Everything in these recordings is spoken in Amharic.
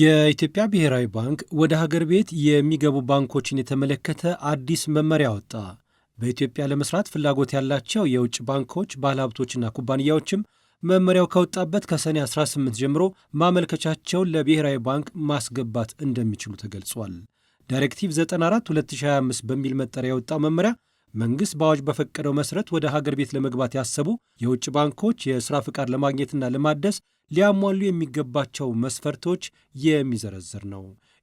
የኢትዮጵያ ብሔራዊ ባንክ ወደ ሀገር ቤት የሚገቡ ባንኮችን የተመለከተ አዲስ መመሪያ ወጣ። በኢትዮጵያ ለመስራት ፍላጎት ያላቸው የውጭ ባንኮች ባለሀብቶችና ኩባንያዎችም መመሪያው ከወጣበት ከሰኔ 18 ጀምሮ ማመልከቻቸውን ለብሔራዊ ባንክ ማስገባት እንደሚችሉ ተገልጿል። ዳይሬክቲቭ 94 2025 በሚል መጠሪያ የወጣው መመሪያ መንግሥት በአዋጅ በፈቀደው መሠረት ወደ ሀገር ቤት ለመግባት ያሰቡ የውጭ ባንኮች የሥራ ፍቃድ ለማግኘትና ለማደስ ሊያሟሉ የሚገባቸው መስፈርቶች የሚዘረዝር ነው።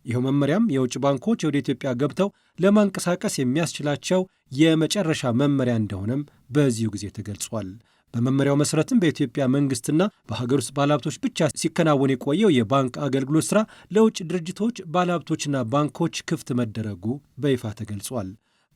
ይኸው መመሪያም የውጭ ባንኮች ወደ ኢትዮጵያ ገብተው ለማንቀሳቀስ የሚያስችላቸው የመጨረሻ መመሪያ እንደሆነም በዚሁ ጊዜ ተገልጿል። በመመሪያው መሠረትም በኢትዮጵያ መንግሥትና በሀገር ውስጥ ባለሀብቶች ብቻ ሲከናወን የቆየው የባንክ አገልግሎት ሥራ ለውጭ ድርጅቶች፣ ባለሀብቶችና ባንኮች ክፍት መደረጉ በይፋ ተገልጿል።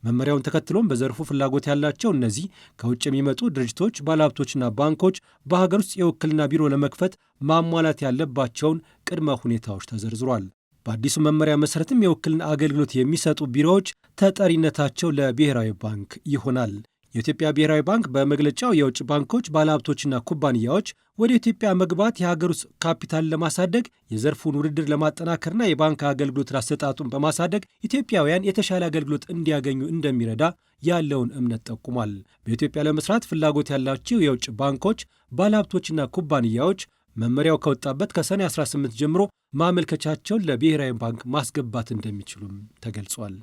መመሪያውን ተከትሎም በዘርፉ ፍላጎት ያላቸው እነዚህ ከውጭ የሚመጡ ድርጅቶች፣ ባለሀብቶችና ባንኮች በሀገር ውስጥ የውክልና ቢሮ ለመክፈት ማሟላት ያለባቸውን ቅድመ ሁኔታዎች ተዘርዝሯል። በአዲሱ መመሪያ መሰረትም የውክልና አገልግሎት የሚሰጡ ቢሮዎች ተጠሪነታቸው ለብሔራዊ ባንክ ይሆናል። የኢትዮጵያ ብሔራዊ ባንክ በመግለጫው የውጭ ባንኮች፣ ባለሀብቶችና ኩባንያዎች ወደ ኢትዮጵያ መግባት የሀገር ውስጥ ካፒታል ለማሳደግ የዘርፉን ውድድር ለማጠናከርና የባንክ አገልግሎት አሰጣጡን በማሳደግ ኢትዮጵያውያን የተሻለ አገልግሎት እንዲያገኙ እንደሚረዳ ያለውን እምነት ጠቁሟል። በኢትዮጵያ ለመስራት ፍላጎት ያላቸው የውጭ ባንኮች፣ ባለሀብቶችና ኩባንያዎች መመሪያው ከወጣበት ከሰኔ 18 ጀምሮ ማመልከቻቸውን ለብሔራዊ ባንክ ማስገባት እንደሚችሉም ተገልጿል።